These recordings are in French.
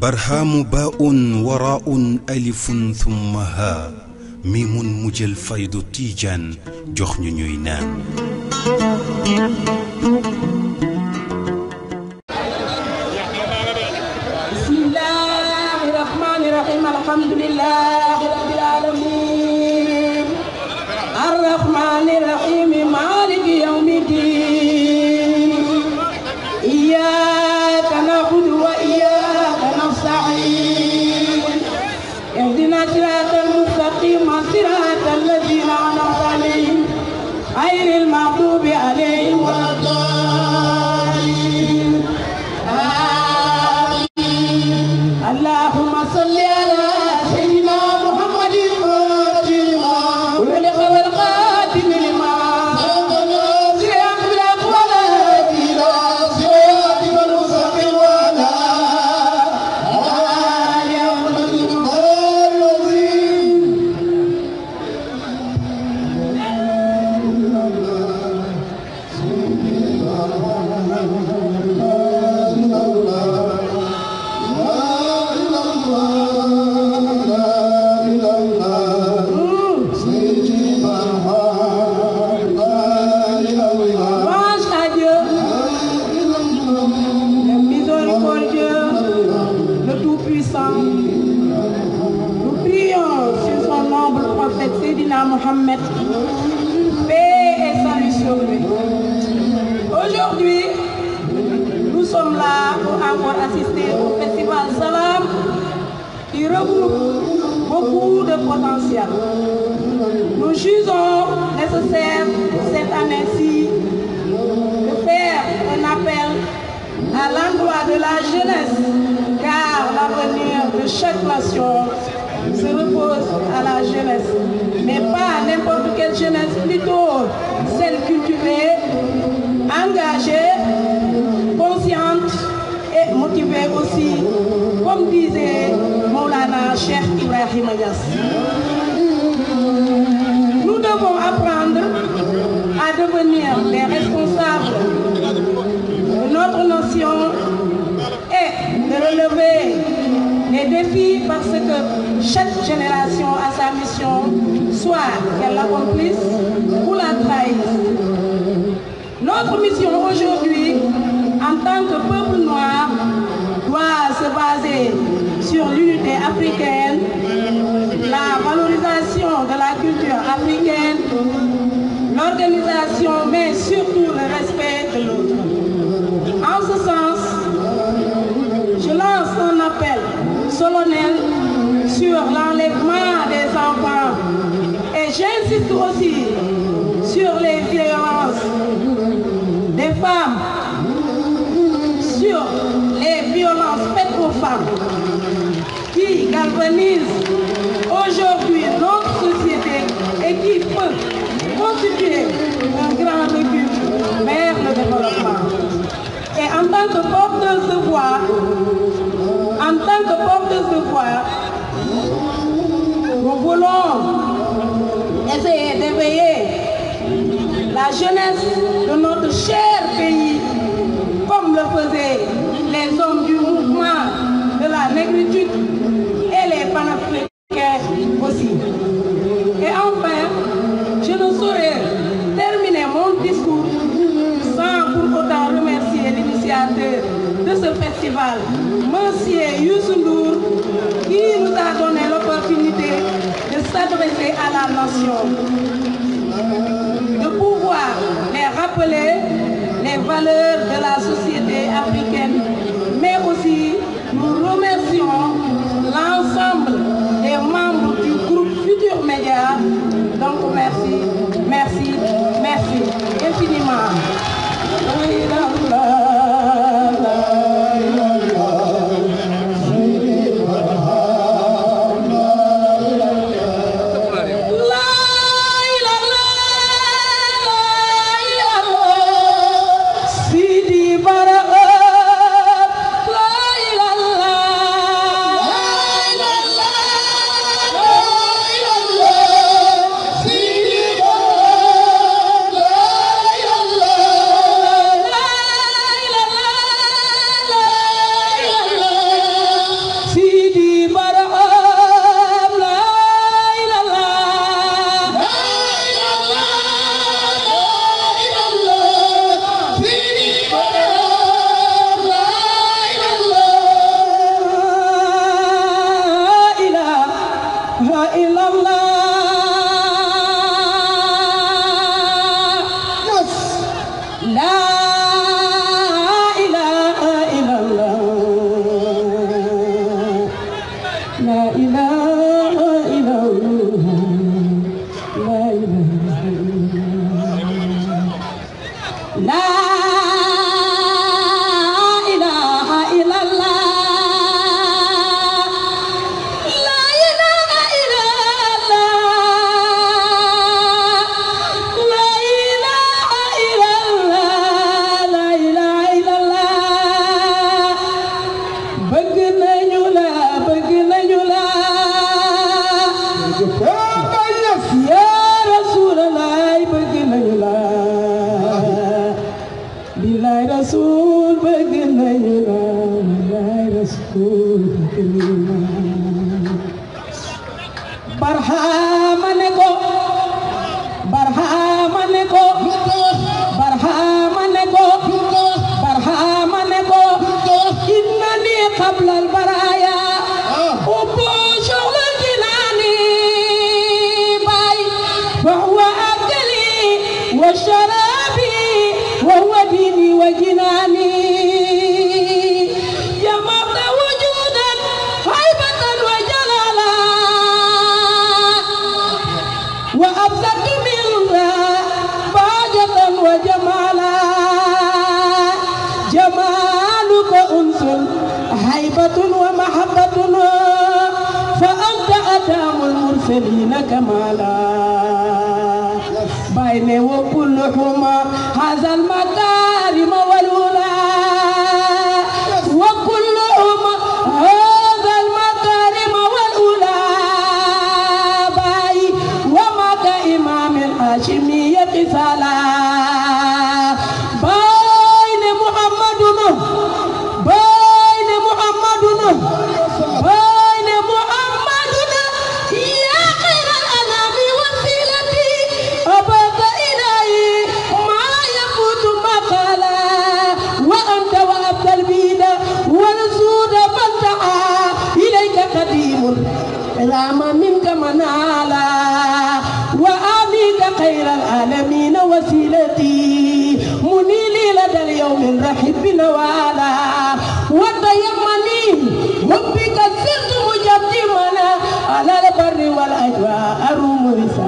برهام باء وراء ألف ثم ها ميم مجل فيض تيجان جخن نينان بسم الله الرحمن الرحيم الحمد لله رب العالمين الرحمن الرحيم غير المغضوب عليهم Jusons nécessaire cette année-ci de faire un appel à l'endroit de la jeunesse, car l'avenir de chaque nation se repose à la jeunesse, mais pas à n'importe quelle jeunesse, plutôt celle cultivée, engagée, consciente et motivée aussi, comme disait Moulana Cheikh Ibrahim Yass. devenir les responsables de notre notion et de relever les défis parce que chaque génération a sa mission, soit qu'elle l'accomplisse ou la trahisse. Notre mission aujourd'hui, en tant que peuple noir, doit se baser sur l'unité africaine, la valorisation de la culture africaine l'organisation, mais surtout le respect de l'autre. En ce sens, je lance un appel solennel sur l'enlèvement des enfants et j'insiste aussi sur les violences des femmes, sur les violences faites aux femmes qui galvanisent aujourd'hui grand vers le développement. Et en tant que porteuse de voix, en tant que porteuse de voix, nous voulons essayer d'éveiller la jeunesse de notre cher pays, comme le faisaient les hommes du mouvement la برحمة وأنس هيبة ومحبة فأنت أدام المرسلين كمالا هذا I ajwa aru murisa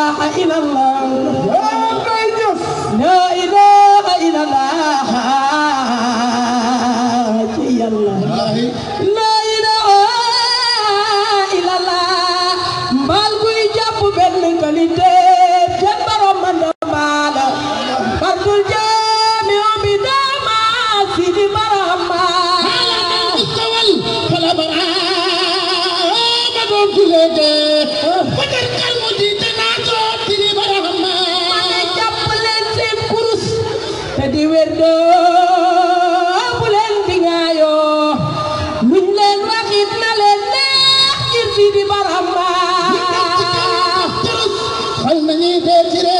ilaha illallah yaa koy jëf la ilaha illallah ci yàlla many days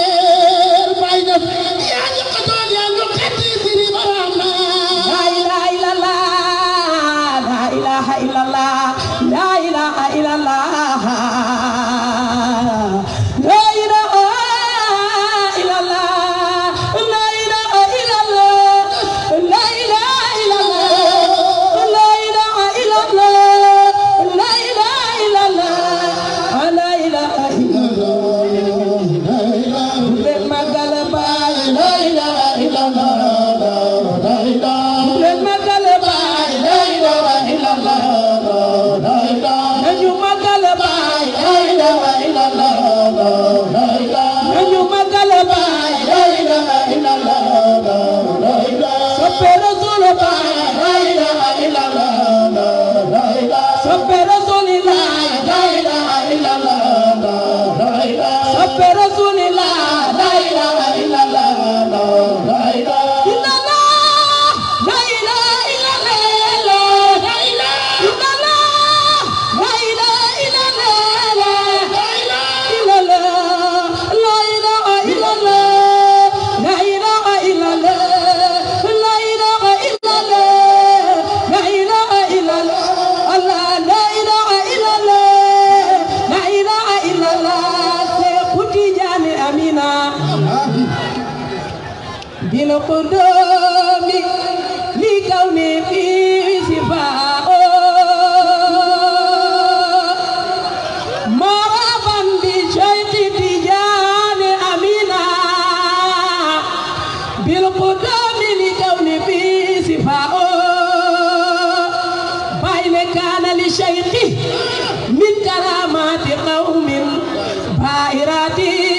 I did.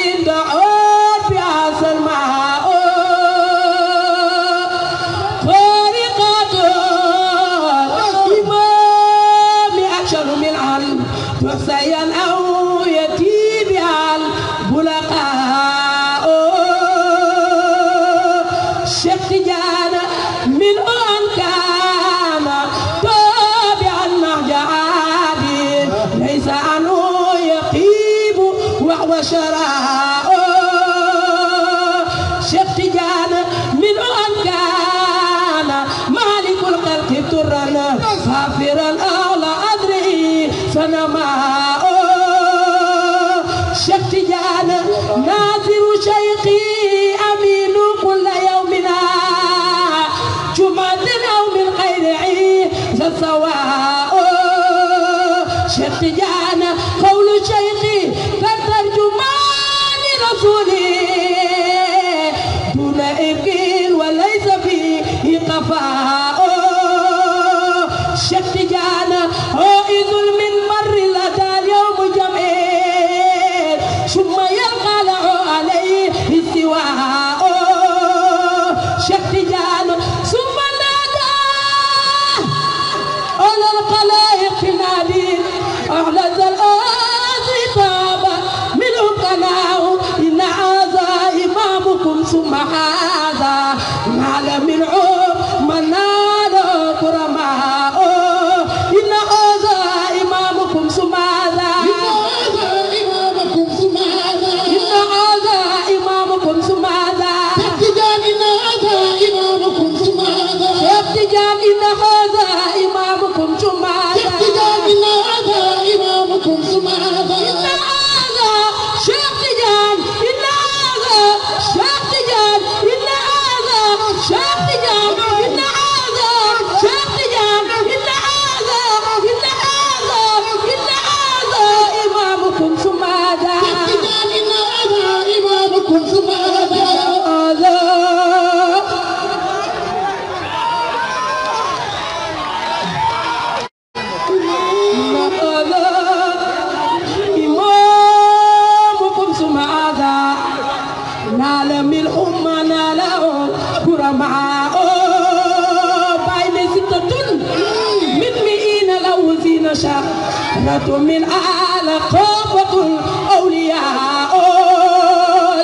رحمة من أعلى قوة الأولياء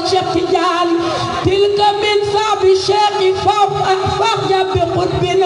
شيخ تلك من صعب الشيخ فوق فوق بقرب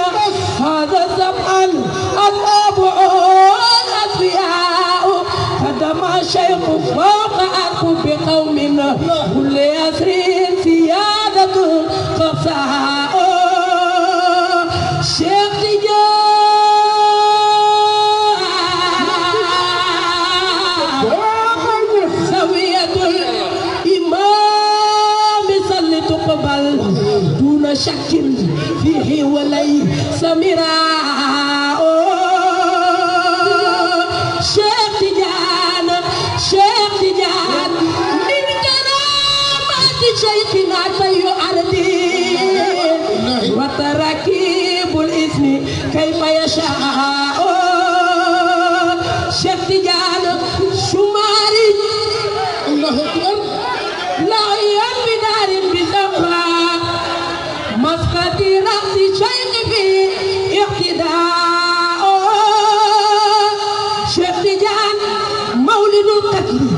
في رأس الشيخ في اقتداء شيخ تجان مولد قتلي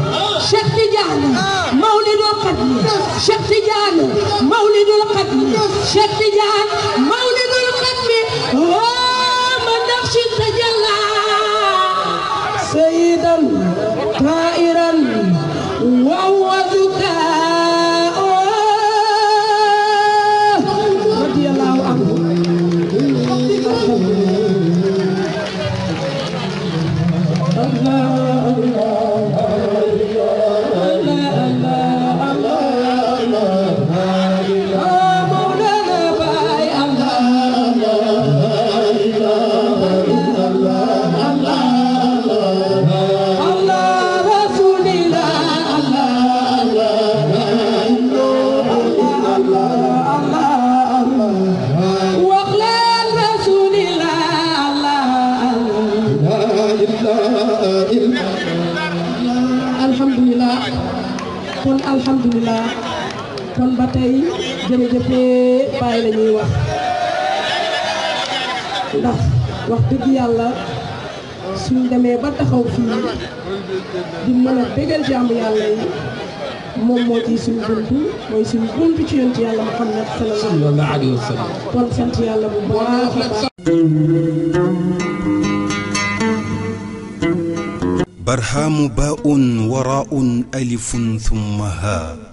شيخ تجان مولد قتلي شيخ تجان مولد القتل شيخ تجان مولد kon ba tey jërëjëfee bàyyi la ñuy wax ndax wax dëgg yàlla suñ demee ba taxaw fii di mën a bégal jaamu yàlla yi moom moo ciy suñu buntu mooy suñu buntu ci yonent yàlla Muhammad sallallahu alayhi wa sallam kon sant yàlla bu baax a baax برهام باء وراء ألف ثم هاء